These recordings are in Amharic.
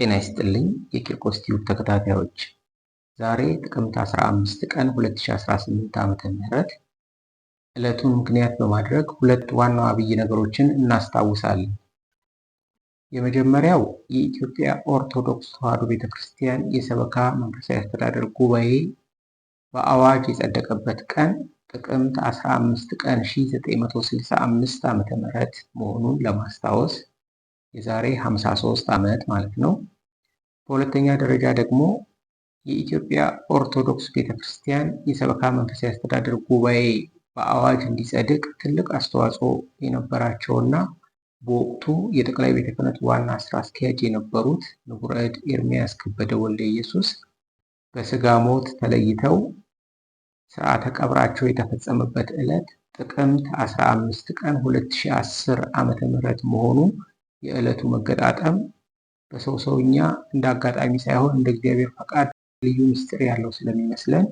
ጤና ይስጥልኝ የቂርቆስ ቲዩብ ተከታታዮች፣ ዛሬ ጥቅምት 15 ቀን 2018 ዓ.ም ዕለቱን ምክንያት በማድረግ ሁለት ዋና አብይ ነገሮችን እናስታውሳለን። የመጀመሪያው የኢትዮጵያ ኦርቶዶክስ ተዋሕዶ ቤተ ክርስቲያን የሰበካ መንፈሳዊ አስተዳደር ጉባኤ በአዋጅ የጸደቀበት ቀን ጥቅምት 15 ቀን 1965 ዓ.ም መሆኑን ለማስታወስ የዛሬ 53 ዓመት ማለት ነው። በሁለተኛ ደረጃ ደግሞ የኢትዮጵያ ኦርቶዶክስ ቤተክርስቲያን የሰበካ መንፈሳዊ አስተዳደር ጉባኤ በአዋጅ እንዲጸድቅ ትልቅ አስተዋጽኦ የነበራቸውና በወቅቱ የጠቅላይ ቤተ ክህነት ዋና ስራ አስኪያጅ የነበሩት ንቡረ እድ ኤርምያስ ከበደ ወልደ ኢየሱስ በስጋ ሞት ተለይተው ስርዓተ ቀብራቸው የተፈጸመበት ዕለት ጥቅምት 15 ቀን 2010 ም መሆኑ የዕለቱ መገጣጠም በሰው ሰውኛ እንደ አጋጣሚ ሳይሆን እንደ እግዚአብሔር ፈቃድ ልዩ ምስጢር ያለው ስለሚመስለን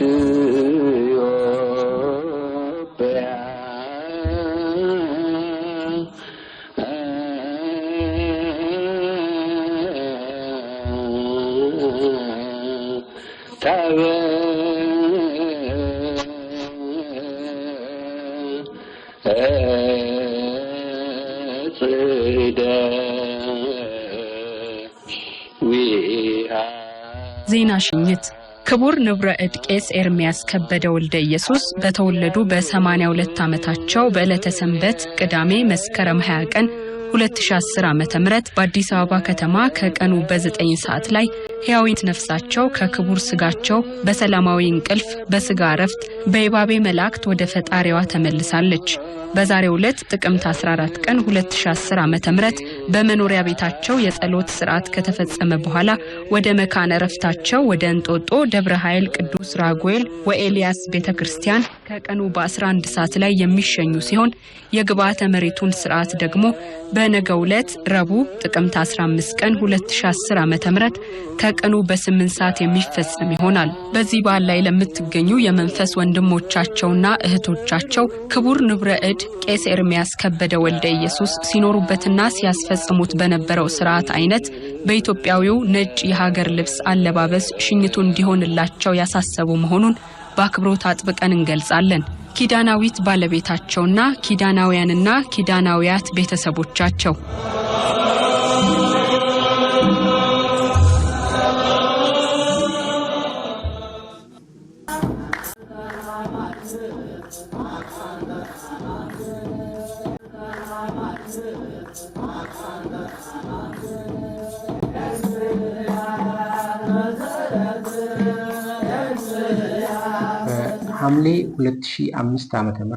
Thank ዜና ሽኝት ክቡር ንቡረ እድ ቄስ ኤርምያስ ከበደ ወልደ ኢየሱስ በተወለዱ በ82 ዓመታቸው በዕለተ ሰንበት ቅዳሜ መስከረም 20 ቀን 2010 ዓ.ም በአዲስ አበባ ከተማ ከቀኑ በ9 ሰዓት ላይ ሕያዊት ነፍሳቸው ከክቡር ስጋቸው በሰላማዊ እንቅልፍ በስጋ እረፍት በይባቤ መላእክት ወደ ፈጣሪዋ ተመልሳለች። በዛሬ ዕለት ጥቅምት 14 ቀን 2010 ዓ.ም በመኖሪያ ቤታቸው የጸሎት ስርዓት ከተፈጸመ በኋላ ወደ መካነ እረፍታቸው ወደ እንጦጦ ደብረ ኃይል ቅዱስ ራጉኤል ወኤልያስ ቤተ ክርስቲያን ከቀኑ በ11 ሰዓት ላይ የሚሸኙ ሲሆን የግብዓተ መሬቱን ስርዓት ደግሞ በነገ ዕለት ረቡዕ ጥቅምት 15 ቀን 2010 ዓ.ም ከቀኑ በስምንት ሰዓት የሚፈጸም ይሆናል። በዚህ በዓል ላይ ለምትገኙ የመንፈስ ወንድሞቻቸውና እህቶቻቸው ክቡር ንብረ እድ ቄስ ኤርሚያስ ከበደ ወልደ ኢየሱስ ሲኖሩበትና ሲያስፈጽሙት በነበረው ስርዓት አይነት በኢትዮጵያዊው ነጭ የሀገር ልብስ አለባበስ ሽኝቱ እንዲሆንላቸው ያሳሰቡ መሆኑን በአክብሮት አጥብቀን እንገልጻለን። ኪዳናዊት ባለቤታቸውና ኪዳናውያንና ኪዳናውያት ቤተሰቦቻቸው ሐምሌ 2005 ዓ.ም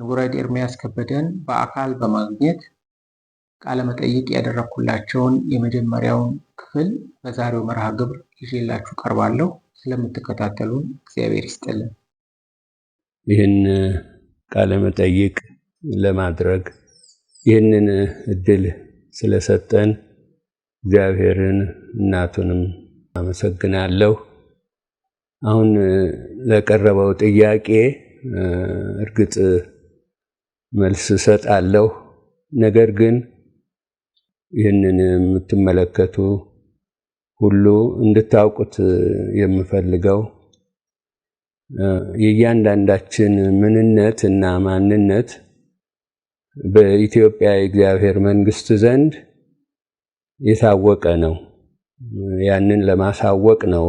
ንቡረድ ኤርሚያስ ከበደን በአካል በማግኘት ቃለ መጠይቅ ያደረግኩላቸውን የመጀመሪያውን ክፍል በዛሬው መርሃ ግብር ይዤላችሁ ቀርባለሁ። ስለምትከታተሉን እግዚአብሔር ይስጥልን። ይህን ቃለመጠይቅ ለማድረግ ይህንን እድል ስለሰጠን እግዚአብሔርን እናቱንም አመሰግናለሁ። አሁን ለቀረበው ጥያቄ እርግጥ መልስ እሰጣለሁ። ነገር ግን ይህንን የምትመለከቱ ሁሉ እንድታውቁት የምፈልገው የእያንዳንዳችን ምንነት እና ማንነት በኢትዮጵያ የእግዚአብሔር መንግስት ዘንድ የታወቀ ነው። ያንን ለማሳወቅ ነው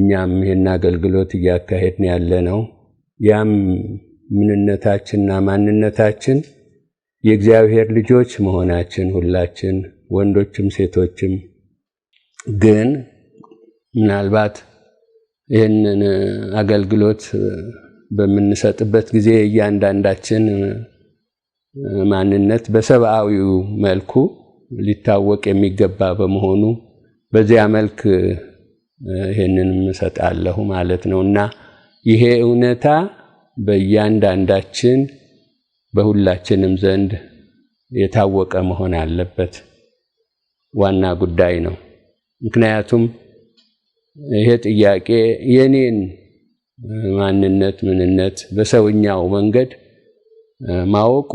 እኛም ይህን አገልግሎት እያካሄድን ያለ ነው። ያም ምንነታችንና ማንነታችን የእግዚአብሔር ልጆች መሆናችን ሁላችን ወንዶችም ሴቶችም፣ ግን ምናልባት ይህንን አገልግሎት በምንሰጥበት ጊዜ እያንዳንዳችን ማንነት በሰብአዊው መልኩ ሊታወቅ የሚገባ በመሆኑ በዚያ መልክ ይሄንንም እሰጣለሁ ማለት ነው እና ይሄ እውነታ በእያንዳንዳችን በሁላችንም ዘንድ የታወቀ መሆን አለበት። ዋና ጉዳይ ነው። ምክንያቱም ይሄ ጥያቄ የኔን ማንነት፣ ምንነት በሰውኛው መንገድ ማወቁ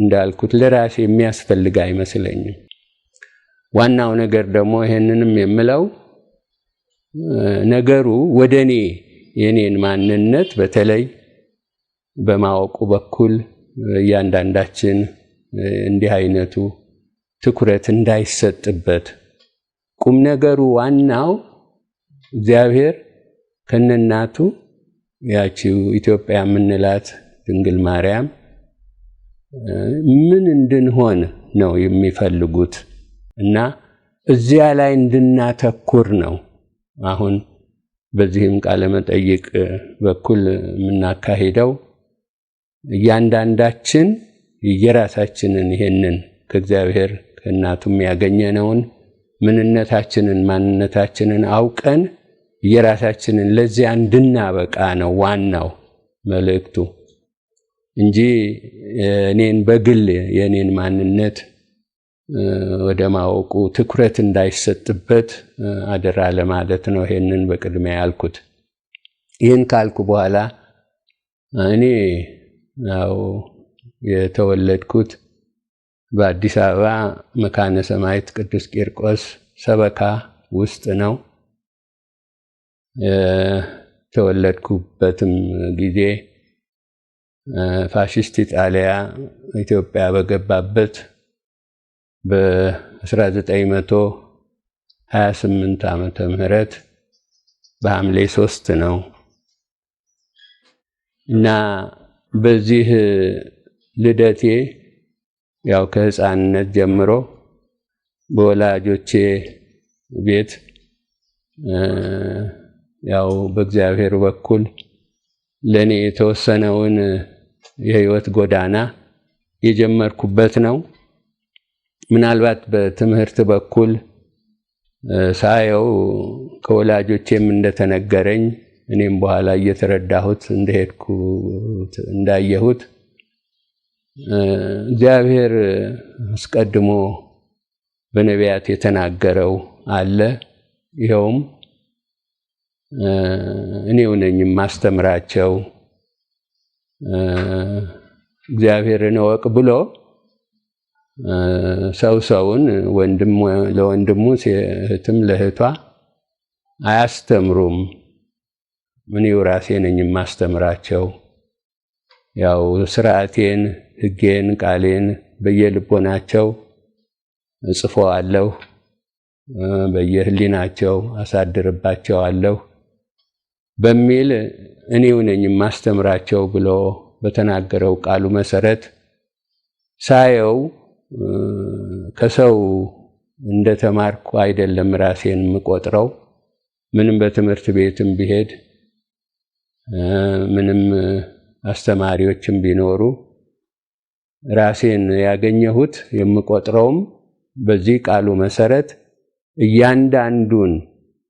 እንዳልኩት ለራሴ የሚያስፈልግ አይመስለኝም። ዋናው ነገር ደግሞ ይሄንንም የምለው ነገሩ ወደ እኔ የኔን ማንነት በተለይ በማወቁ በኩል እያንዳንዳችን እንዲህ አይነቱ ትኩረት እንዳይሰጥበት ቁም ነገሩ ዋናው እግዚአብሔር ከነናቱ ያቺው ኢትዮጵያ የምንላት ድንግል ማርያም ምን እንድንሆን ነው የሚፈልጉት እና እዚያ ላይ እንድናተኩር ነው። አሁን በዚህም ቃለ መጠይቅ በኩል የምናካሄደው እያንዳንዳችን የራሳችንን ይሄንን ከእግዚአብሔር ከእናቱም ያገኘነውን ምንነታችንን ማንነታችንን አውቀን የራሳችንን ለዚያ እንድናበቃ ነው ዋናው መልእክቱ እንጂ እኔን በግል የእኔን ማንነት ወደ ማወቁ ትኩረት እንዳይሰጥበት አደራ ለማለት ነው። ይሄንን በቅድሚያ ያልኩት። ይህን ካልኩ በኋላ እኔ ያው የተወለድኩት በአዲስ አበባ መካነ ሰማዕት ቅዱስ ቂርቆስ ሰበካ ውስጥ ነው። የተወለድኩበትም ጊዜ ፋሽስት ኢጣሊያ ኢትዮጵያ በገባበት በ1928 ዓመተ ምህረት በሐምሌ ሶስት ነው እና በዚህ ልደቴ ያው ከህፃንነት ጀምሮ በወላጆቼ ቤት ያው በእግዚአብሔር በኩል ለእኔ የተወሰነውን የህይወት ጎዳና የጀመርኩበት ነው። ምናልባት በትምህርት በኩል ሳየው ከወላጆቼም እንደተነገረኝ እኔም በኋላ እየተረዳሁት እንደሄድኩ እንዳየሁት እግዚአብሔር አስቀድሞ በነቢያት የተናገረው አለ። ይኸውም እኔው ነኝ የማስተምራቸው እግዚአብሔርን እወቅ ብሎ ሰው ሰውን ለወንድሙ እህትም ለእህቷ አያስተምሩም። እኔው ራሴ ነኝ የማስተምራቸው። ያው ስርዓቴን፣ ህጌን ቃሌን በየልቦናቸው እጽፈዋለሁ፣ በየህሊናቸው አለሁ በሚል እኔው ነኝ የማስተምራቸው ብሎ በተናገረው ቃሉ መሰረት ሳየው ከሰው ተማርኩ አይደለም ራሴን የምቆጥረው። ምንም በትምህርት ቤትም ቢሄድ ምንም አስተማሪዎችም ቢኖሩ ራሴን ያገኘሁት የምቆጥረውም በዚህ ቃሉ መሰረት እያንዳንዱን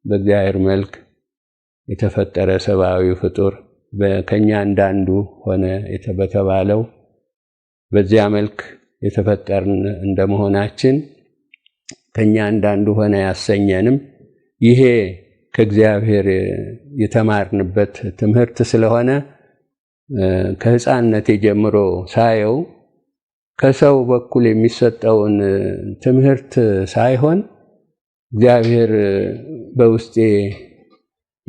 በእግዚአብሔር መልክ የተፈጠረ ሰብአዊ ፍጡር ከእኛ አንዳንዱ ሆነ በተባለው በዚያ መልክ የተፈጠርን እንደመሆናችን ከእኛ አንዳንዱ ሆነ ያሰኘንም ይሄ ከእግዚአብሔር የተማርንበት ትምህርት ስለሆነ ከህፃንነቴ ጀምሮ ሳየው ከሰው በኩል የሚሰጠውን ትምህርት ሳይሆን እግዚአብሔር በውስጤ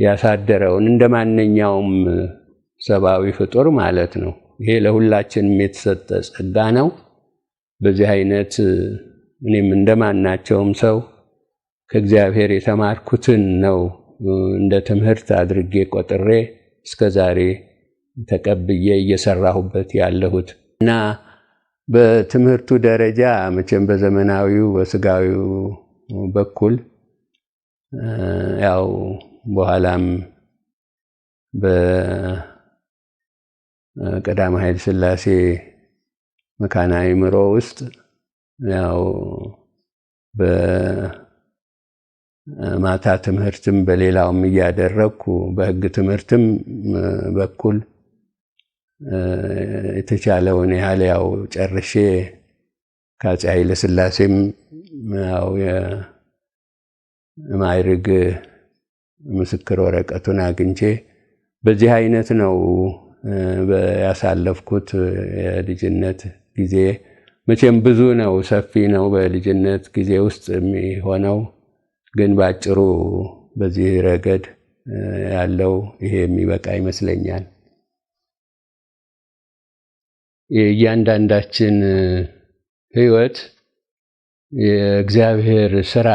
ያሳደረውን እንደ ማንኛውም ሰብአዊ ፍጡር ማለት ነው። ይሄ ለሁላችንም የተሰጠ ጸጋ ነው። በዚህ አይነት እኔም እንደማናቸውም ሰው ከእግዚአብሔር የተማርኩትን ነው እንደ ትምህርት አድርጌ ቆጥሬ እስከ ዛሬ ተቀብዬ እየሰራሁበት ያለሁት እና በትምህርቱ ደረጃ መቼም በዘመናዊው በስጋዊው በኩል ያው በኋላም በቀዳማ ኃይል ስላሴ መካነ አእምሮ ውስጥ ያው በማታ ትምህርትም በሌላውም እያደረግኩ በህግ ትምህርትም በኩል የተቻለውን ያህል ያው ጨርሼ ከአፄ ኃይለ ስላሴም ያው የማይርግ ምስክር ወረቀቱን አግኝቼ በዚህ አይነት ነው ያሳለፍኩት የልጅነት ጊዜ መቼም ብዙ ነው፣ ሰፊ ነው በልጅነት ጊዜ ውስጥ የሚሆነው። ግን በአጭሩ በዚህ ረገድ ያለው ይሄ የሚበቃ ይመስለኛል። የእያንዳንዳችን ሕይወት የእግዚአብሔር ስራ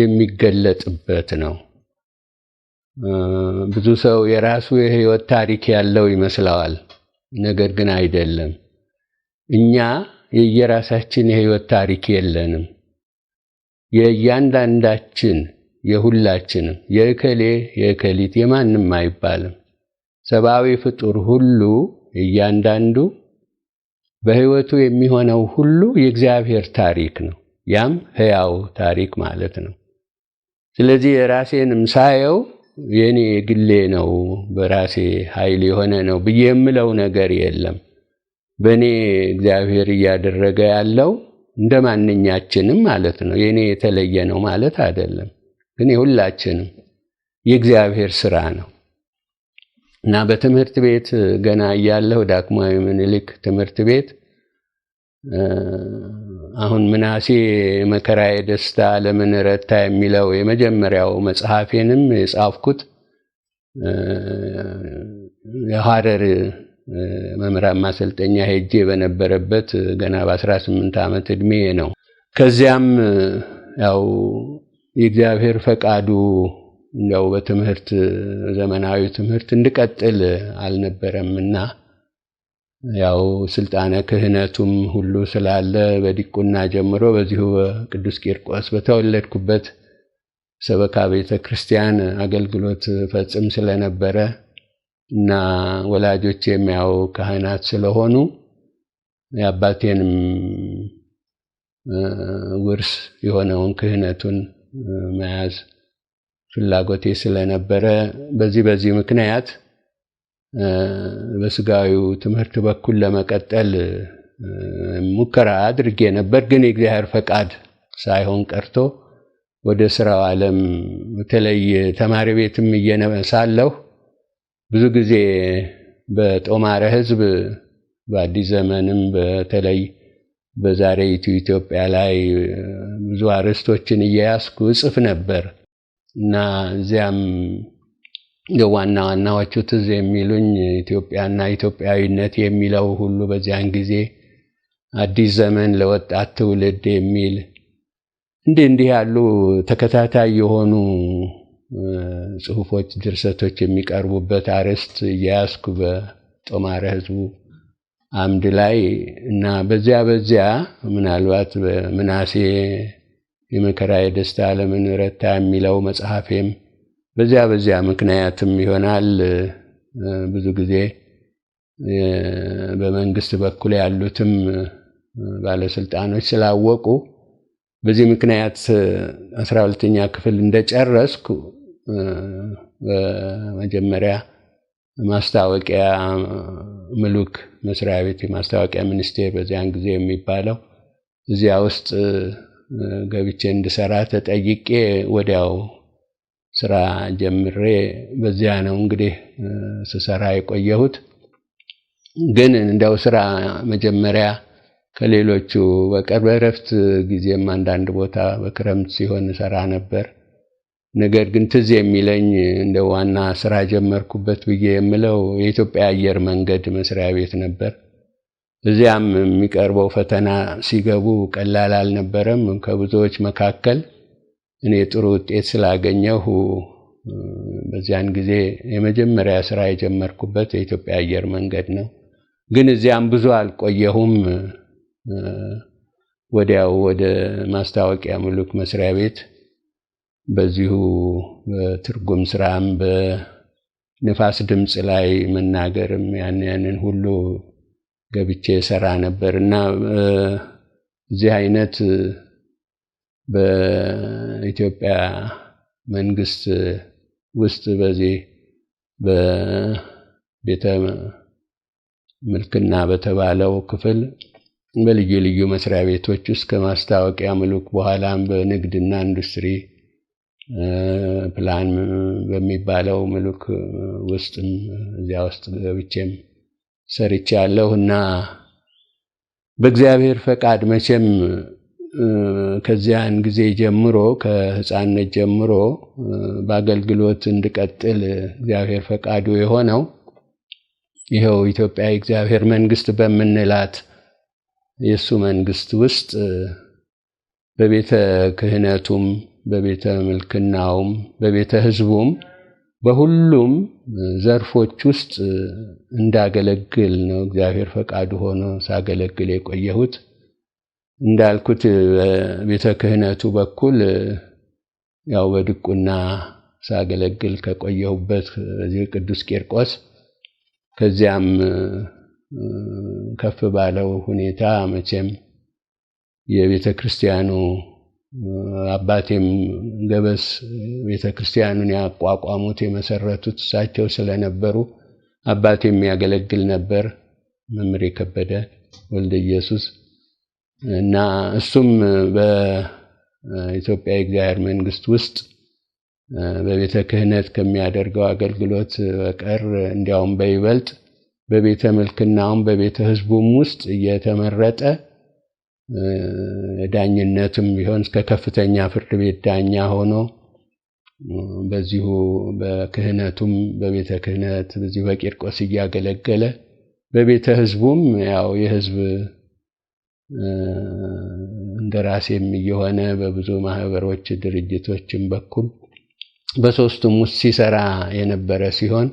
የሚገለጥበት ነው። ብዙ ሰው የራሱ የሕይወት ታሪክ ያለው ይመስለዋል። ነገር ግን አይደለም። እኛ የየራሳችን የህይወት ታሪክ የለንም። የእያንዳንዳችን የሁላችንም የእከሌ የእከሊት የማንም አይባልም። ሰብአዊ ፍጡር ሁሉ እያንዳንዱ በህይወቱ የሚሆነው ሁሉ የእግዚአብሔር ታሪክ ነው። ያም ህያው ታሪክ ማለት ነው። ስለዚህ የራሴንም ሳየው የኔ ግሌ ነው በራሴ ኃይል የሆነ ነው ብዬ የምለው ነገር የለም። በእኔ እግዚአብሔር እያደረገ ያለው እንደ ማንኛችንም ማለት ነው። የእኔ የተለየ ነው ማለት አይደለም፣ ግን የሁላችንም የእግዚአብሔር ስራ ነው እና በትምህርት ቤት ገና እያለሁ ዳግማዊ ምኒልክ ትምህርት ቤት አሁን ምናሴ መከራዬ ደስታ ለምን ረታ የሚለው የመጀመሪያው መጽሐፌንም የጻፍኩት የሐረር መምህራን ማሰልጠኛ ሄጄ በነበረበት ገና በ18 ዓመት እድሜ ነው። ከዚያም ያው የእግዚአብሔር ፈቃዱ ያው በትምህርት ዘመናዊ ትምህርት እንድቀጥል አልነበረም እና ያው ስልጣነ ክህነቱም ሁሉ ስላለ በዲቁና ጀምሮ በዚሁ በቅዱስ ቂርቆስ በተወለድኩበት ሰበካ ቤተ ክርስቲያን አገልግሎት ፈጽም ስለነበረ እና ወላጆች የሚያው ካህናት ስለሆኑ የአባቴንም ውርስ የሆነውን ክህነቱን መያዝ ፍላጎቴ ስለነበረ በዚህ በዚህ ምክንያት በስጋዊው ትምህርት በኩል ለመቀጠል ሙከራ አድርጌ ነበር። ግን የእግዚአብሔር ፈቃድ ሳይሆን ቀርቶ ወደ ስራው ዓለም በተለይ ተማሪ ቤትም እየነሳለሁ ብዙ ጊዜ በጦማረ ህዝብ በአዲስ ዘመንም በተለይ በዛሬቱ ኢትዮጵያ ላይ ብዙ አርዕስቶችን እየያስኩ እጽፍ ነበር እና እዚያም ዋና ዋናዎቹ ትዝ የሚሉኝ ኢትዮጵያና ኢትዮጵያዊነት የሚለው ሁሉ በዚያን ጊዜ አዲስ ዘመን ለወጣት ትውልድ የሚል እንዲህ እንዲህ ያሉ ተከታታይ የሆኑ ጽሁፎች ድርሰቶች የሚቀርቡበት አርዕስት እያያስኩ በጦማረ ህዝቡ አምድ ላይ እና በዚያ በዚያ ምናልባት በምናሴ የመከራ የደስታ ዓለምን ረታ የሚለው መጽሐፌም በዚያ በዚያ ምክንያትም ይሆናል ብዙ ጊዜ በመንግስት በኩል ያሉትም ባለስልጣኖች ስላወቁ በዚህ ምክንያት አስራ ሁለተኛ ክፍል እንደጨረስኩ በመጀመሪያ ማስታወቂያ ምሉክ መስሪያ ቤት የማስታወቂያ ሚኒስቴር በዚያን ጊዜ የሚባለው እዚያ ውስጥ ገብቼ እንድሰራ ተጠይቄ ወዲያው ስራ ጀምሬ በዚያ ነው እንግዲህ ስሰራ የቆየሁት። ግን እንደው ስራ መጀመሪያ ከሌሎቹ በቀር በእረፍት ጊዜም አንዳንድ ቦታ በክረምት ሲሆን ሰራ ነበር። ነገር ግን ትዝ የሚለኝ እንደ ዋና ስራ ጀመርኩበት ብዬ የምለው የኢትዮጵያ አየር መንገድ መስሪያ ቤት ነበር። እዚያም የሚቀርበው ፈተና ሲገቡ ቀላል አልነበረም። ከብዙዎች መካከል እኔ ጥሩ ውጤት ስላገኘሁ በዚያን ጊዜ የመጀመሪያ ስራ የጀመርኩበት የኢትዮጵያ አየር መንገድ ነው። ግን እዚያም ብዙ አልቆየሁም። ወዲያው ወደ ማስታወቂያ ምሉክ መስሪያ ቤት በዚሁ በትርጉም ስራም በንፋስ ድምፅ ላይ መናገርም ያን ያንን ሁሉ ገብቼ ሰራ ነበር እና እዚህ አይነት በኢትዮጵያ መንግስት ውስጥ በዚህ በቤተ ምልክና በተባለው ክፍል በልዩ ልዩ መስሪያ ቤቶች ውስጥ ከማስታወቂያ ምሉክ በኋላም በንግድና ኢንዱስትሪ ፕላን በሚባለው ምልክ ውስጥም እዚያ ውስጥ ገብቼም ሰርቼ ሰርቻለሁ እና በእግዚአብሔር ፈቃድ መቼም ከዚያን ጊዜ ጀምሮ ከህፃንነት ጀምሮ በአገልግሎት እንድቀጥል እግዚአብሔር ፈቃዱ የሆነው ይኸው ኢትዮጵያ እግዚአብሔር መንግስት በምንላት የእሱ መንግስት ውስጥ በቤተ ክህነቱም በቤተ ምልክናውም በቤተ ሕዝቡም በሁሉም ዘርፎች ውስጥ እንዳገለግል ነው እግዚአብሔር ፈቃዱ ሆኖ ሳገለግል የቆየሁት። እንዳልኩት በቤተ ክህነቱ በኩል ያው በድቁና ሳገለግል ከቆየሁበት በዚህ ቅዱስ ቂርቆስ ከዚያም ከፍ ባለው ሁኔታ መቼም የቤተ ክርስቲያኑ አባቴም ገበስ ቤተ ክርስቲያኑን ያቋቋሙት የመሰረቱት እሳቸው ስለነበሩ አባቴ የሚያገለግል ነበር፣ መምሬ የከበደ ወልደ ኢየሱስ እና እሱም በኢትዮጵያ የእግዚአብሔር መንግስት ውስጥ በቤተ ክህነት ከሚያደርገው አገልግሎት በቀር እንዲያውም በይበልጥ በቤተ መልክናውም በቤተ ሕዝቡም ውስጥ እየተመረጠ ዳኝነትም ቢሆን እስከ ከፍተኛ ፍርድ ቤት ዳኛ ሆኖ በዚሁ በክህነቱም በቤተ ክህነት በዚሁ በቂርቆስ እያገለገለ በቤተ ህዝቡም ያው የህዝብ እንደራሴም እየሆነ በብዙ ማህበሮች፣ ድርጅቶችም በኩል በሶስቱም ውስጥ ሲሰራ የነበረ ሲሆን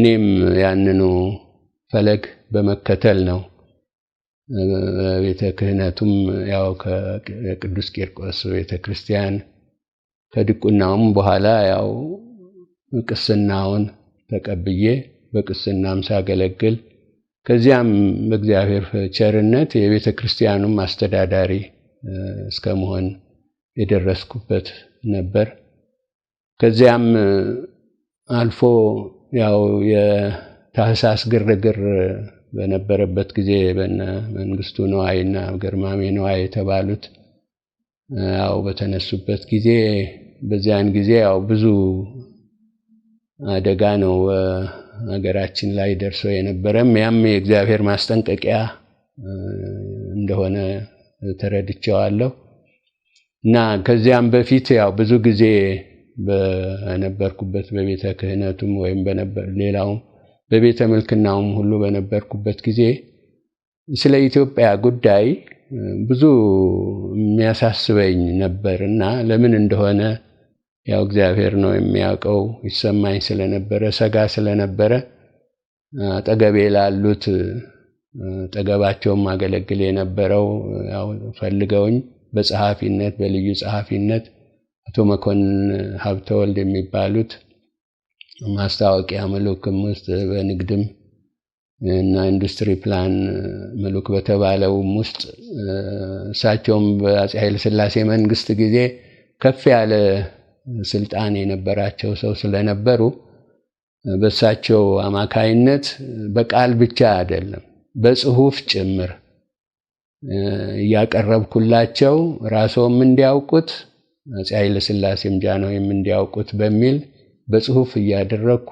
እኔም ያንኑ ፈለግ በመከተል ነው ቤተ ክህነቱም ያው ከቅዱስ ቂርቆስ ቤተ ክርስቲያን ከድቁናውም በኋላ ያው ቅስናውን ተቀብዬ በቅስናም ሳገለግል ከዚያም በእግዚአብሔር ቸርነት የቤተ ክርስቲያኑም አስተዳዳሪ እስከ መሆን የደረስኩበት ነበር። ከዚያም አልፎ ያው የታህሳስ ግርግር በነበረበት ጊዜ በነ መንግስቱ ነዋይና ገርማሜ ነዋይ የተባሉት ያው በተነሱበት ጊዜ በዚያን ጊዜ ያው ብዙ አደጋ ነው ሀገራችን ላይ ደርሶ የነበረም ያም የእግዚአብሔር ማስጠንቀቂያ እንደሆነ ተረድቸዋለሁ። እና ከዚያም በፊት ያው ብዙ ጊዜ በነበርኩበት በቤተ ክህነቱም ወይም በነበር ሌላውም በቤተ መልክናውም ሁሉ በነበርኩበት ጊዜ ስለ ኢትዮጵያ ጉዳይ ብዙ የሚያሳስበኝ ነበር እና ለምን እንደሆነ ያው እግዚአብሔር ነው የሚያውቀው ይሰማኝ ስለነበረ ሰጋ ስለነበረ ጠገቤ ላሉት ጠገባቸውም አገለግል የነበረው ያው ፈልገውኝ በጸሐፊነት በልዩ ጸሐፊነት አቶ መኮንን ሀብተወልድ የሚባሉት ማስታወቂያ ምሉክም ውስጥ በንግድም እና ኢንዱስትሪ ፕላን ምሉክ በተባለውም ውስጥ እሳቸውም በአፄ ኃይለስላሴ መንግስት ጊዜ ከፍ ያለ ስልጣን የነበራቸው ሰው ስለነበሩ በእሳቸው አማካይነት በቃል ብቻ አይደለም በጽሁፍ ጭምር እያቀረብኩላቸው ራስዎም እንዲያውቁት አፄ ኃይለሥላሴም ጃንሆይም እንዲያውቁት በሚል በጽሁፍ እያደረግኩ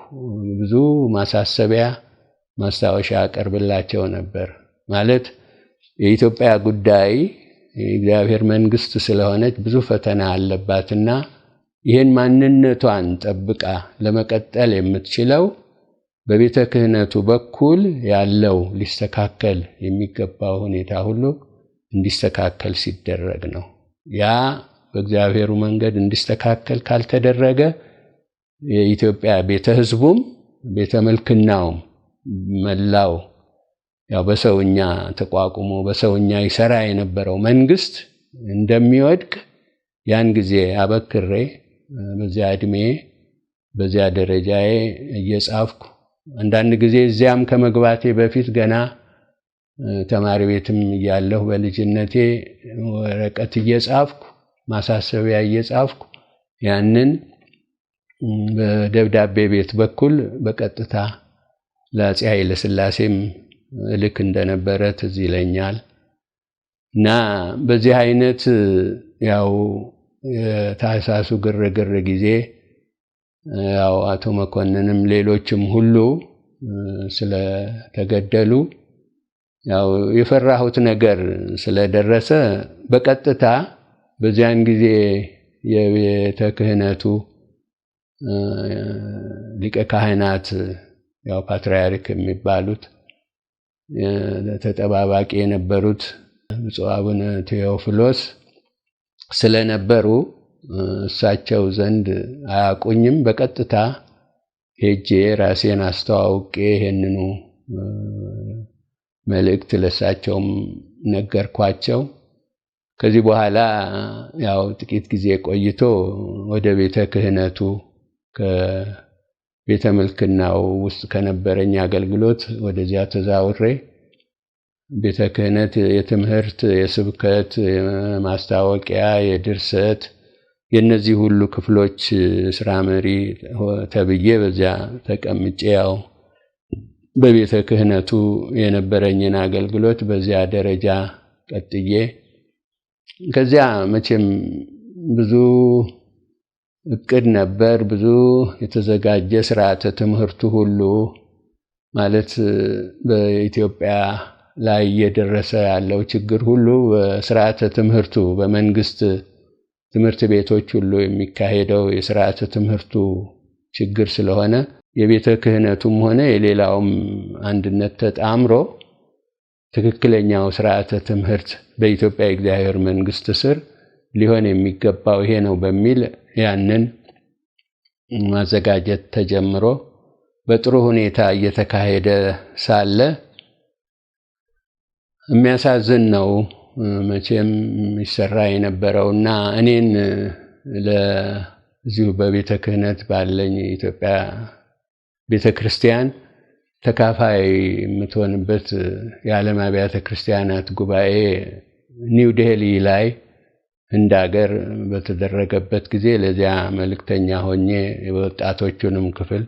ብዙ ማሳሰቢያ ማስታወሻ አቀርብላቸው ነበር። ማለት የኢትዮጵያ ጉዳይ የእግዚአብሔር መንግስት ስለሆነች ብዙ ፈተና አለባትና ይህን ማንነቷን ጠብቃ ለመቀጠል የምትችለው በቤተ ክህነቱ በኩል ያለው ሊስተካከል የሚገባው ሁኔታ ሁሉ እንዲስተካከል ሲደረግ ነው። ያ በእግዚአብሔሩ መንገድ እንዲስተካከል ካልተደረገ የኢትዮጵያ ቤተ ህዝቡም ቤተ መልክናውም መላው ያው በሰውኛ ተቋቁሞ በሰውኛ ይሰራ የነበረው መንግስት እንደሚወድቅ ያን ጊዜ አበክሬ በዚያ እድሜ በዚያ ደረጃዬ እየጻፍኩ አንዳንድ ጊዜ እዚያም ከመግባቴ በፊት ገና ተማሪ ቤትም እያለሁ በልጅነቴ ወረቀት እየጻፍኩ ማሳሰቢያ እየጻፍኩ ያንን በደብዳቤ ቤት በኩል በቀጥታ ለአፄ ኃይለሥላሴም ልክ እንደነበረ ትዝ ይለኛል። እና በዚህ አይነት ያው የታህሳሱ ግርግር ጊዜ ያው አቶ መኮንንም ሌሎችም ሁሉ ስለተገደሉ ያው የፈራሁት ነገር ስለደረሰ በቀጥታ በዚያን ጊዜ የቤተ ክህነቱ ሊቀ ካህናት ያው ፓትርያርክ የሚባሉት ተጠባባቂ የነበሩት ብፁዕ አቡነ ቴዎፍሎስ ስለነበሩ እሳቸው ዘንድ አያቁኝም በቀጥታ ሄጄ ራሴን አስተዋውቄ ይህንኑ መልእክት ለእሳቸውም ነገርኳቸው። ከዚህ በኋላ ያው ጥቂት ጊዜ ቆይቶ ወደ ቤተ ክህነቱ ከቤተ መልክናው ውስጥ ከነበረኝ አገልግሎት ወደዚያ ተዛውሬ ቤተ ክህነት የትምህርት፣ የስብከት፣ የማስታወቂያ፣ የድርሰት የእነዚህ ሁሉ ክፍሎች ስራ መሪ ተብዬ በዚያ ተቀምጬ ያው በቤተ ክህነቱ የነበረኝን አገልግሎት በዚያ ደረጃ ቀጥዬ ከዚያ መቼም ብዙ እቅድ ነበር። ብዙ የተዘጋጀ ስርዓተ ትምህርቱ ሁሉ ማለት በኢትዮጵያ ላይ እየደረሰ ያለው ችግር ሁሉ በስርዓተ ትምህርቱ በመንግስት ትምህርት ቤቶች ሁሉ የሚካሄደው የስርዓተ ትምህርቱ ችግር ስለሆነ የቤተ ክህነቱም ሆነ የሌላውም አንድነት ተጣምሮ ትክክለኛው ስርዓተ ትምህርት በኢትዮጵያ የእግዚአብሔር መንግስት ስር ሊሆን የሚገባው ይሄ ነው በሚል ያንን ማዘጋጀት ተጀምሮ በጥሩ ሁኔታ እየተካሄደ ሳለ የሚያሳዝን ነው። መቼም የሚሰራ የነበረው እና እኔን ለዚሁ በቤተ ክህነት ባለኝ የኢትዮጵያ ቤተ ክርስቲያን ተካፋይ የምትሆንበት የዓለም አብያተ ክርስቲያናት ጉባኤ ኒው ዴሊ ላይ እንደ ሀገር በተደረገበት ጊዜ ለዚያ መልእክተኛ ሆኜ የወጣቶቹንም ክፍል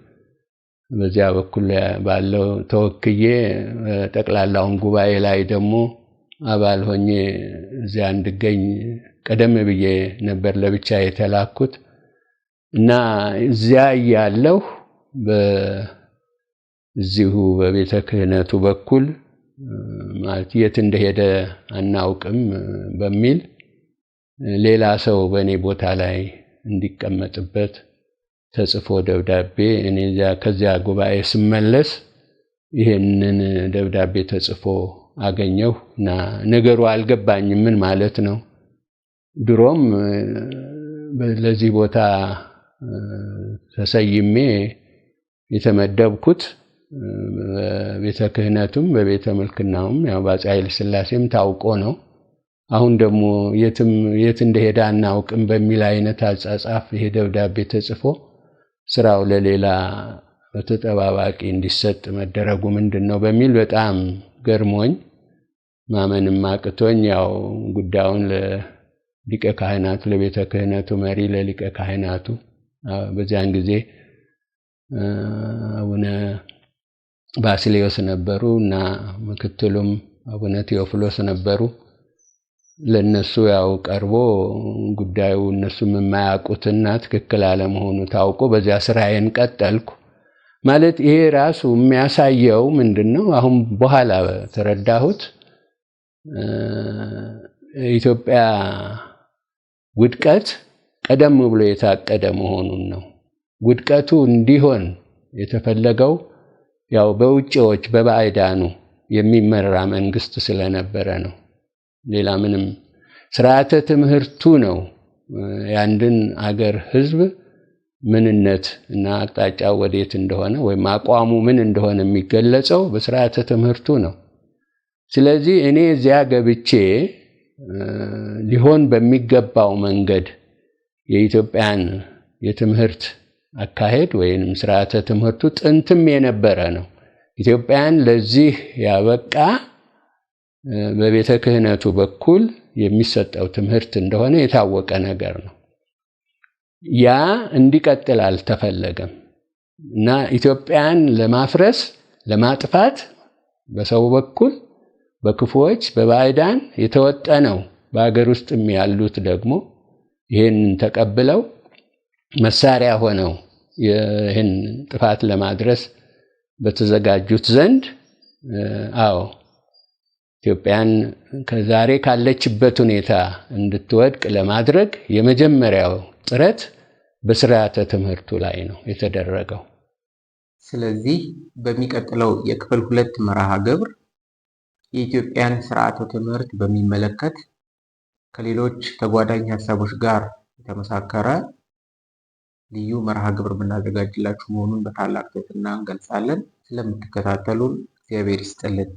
በዚያ በኩል ባለው ተወክዬ ጠቅላላውን ጉባኤ ላይ ደግሞ አባል ሆኜ እዚያ እንድገኝ ቀደም ብዬ ነበር ለብቻ የተላኩት እና እዚያ እያለሁ በዚሁ በቤተ ክህነቱ በኩል ማለት የት እንደሄደ አናውቅም በሚል ሌላ ሰው በእኔ ቦታ ላይ እንዲቀመጥበት ተጽፎ ደብዳቤ እኔ ከዚያ ጉባኤ ስመለስ ይህንን ደብዳቤ ተጽፎ አገኘሁ እና ነገሩ አልገባኝም። ምን ማለት ነው? ድሮም ለዚህ ቦታ ተሰይሜ የተመደብኩት በቤተ ክህነቱም በቤተ ምልክናውም ያው በአፄ ኃይለ ሥላሴም ታውቆ ነው። አሁን ደግሞ የትም የት እንደሄደ አናውቅም በሚል አይነት አጻጻፍ ይሄ ደብዳቤ ተጽፎ ስራው ለሌላ በተጠባባቂ እንዲሰጥ መደረጉ ምንድን ነው በሚል በጣም ገርሞኝ ማመንም አቅቶኝ ያው ጉዳዩን ለሊቀ ካህናቱ ለቤተ ክህነቱ መሪ ለሊቀ ካህናቱ በዚያን ጊዜ አቡነ ባስሌዮስ ነበሩ እና ምክትሉም አቡነ ቴዎፍሎስ ነበሩ። ለእነሱ ያው ቀርቦ ጉዳዩ እነሱም የማያውቁትና ትክክል አለመሆኑ ታውቆ በዚያ ስራዬን ቀጠልኩ። ማለት ይሄ ራሱ የሚያሳየው ምንድን ነው? አሁን በኋላ ተረዳሁት። ኢትዮጵያ ውድቀት ቀደም ብሎ የታቀደ መሆኑን ነው። ውድቀቱ እንዲሆን የተፈለገው ያው በውጭዎች በባዕዳኑ የሚመራ መንግስት ስለነበረ ነው። ሌላ ምንም ስርዓተ ትምህርቱ ነው የአንድን አገር ህዝብ ምንነት እና አቅጣጫ ወዴት እንደሆነ ወይም አቋሙ ምን እንደሆነ የሚገለጸው በስርዓተ ትምህርቱ ነው። ስለዚህ እኔ እዚያ ገብቼ ሊሆን በሚገባው መንገድ የኢትዮጵያን የትምህርት አካሄድ ወይም ስርዓተ ትምህርቱ ጥንትም የነበረ ነው። ኢትዮጵያን ለዚህ ያበቃ በቤተ ክህነቱ በኩል የሚሰጠው ትምህርት እንደሆነ የታወቀ ነገር ነው። ያ እንዲቀጥል አልተፈለገም እና ኢትዮጵያን ለማፍረስ ለማጥፋት በሰው በኩል በክፉዎች በባዕዳን የተወጠነው በሀገር ውስጥም ያሉት ደግሞ ይህንን ተቀብለው መሳሪያ ሆነው ይህን ጥፋት ለማድረስ በተዘጋጁት ዘንድ አዎ ኢትዮጵያን ከዛሬ ካለችበት ሁኔታ እንድትወድቅ ለማድረግ የመጀመሪያው ጥረት በስርዓተ ትምህርቱ ላይ ነው የተደረገው። ስለዚህ በሚቀጥለው የክፍል ሁለት መርሃ ግብር የኢትዮጵያን ስርዓተ ትምህርት በሚመለከት ከሌሎች ተጓዳኝ ሀሳቦች ጋር የተመሳከረ ልዩ መርሃ ግብር የምናዘጋጅላችሁ መሆኑን በታላቅ ትህትና እንገልጻለን። ስለምትከታተሉን እግዚአብሔር ይስጥልን።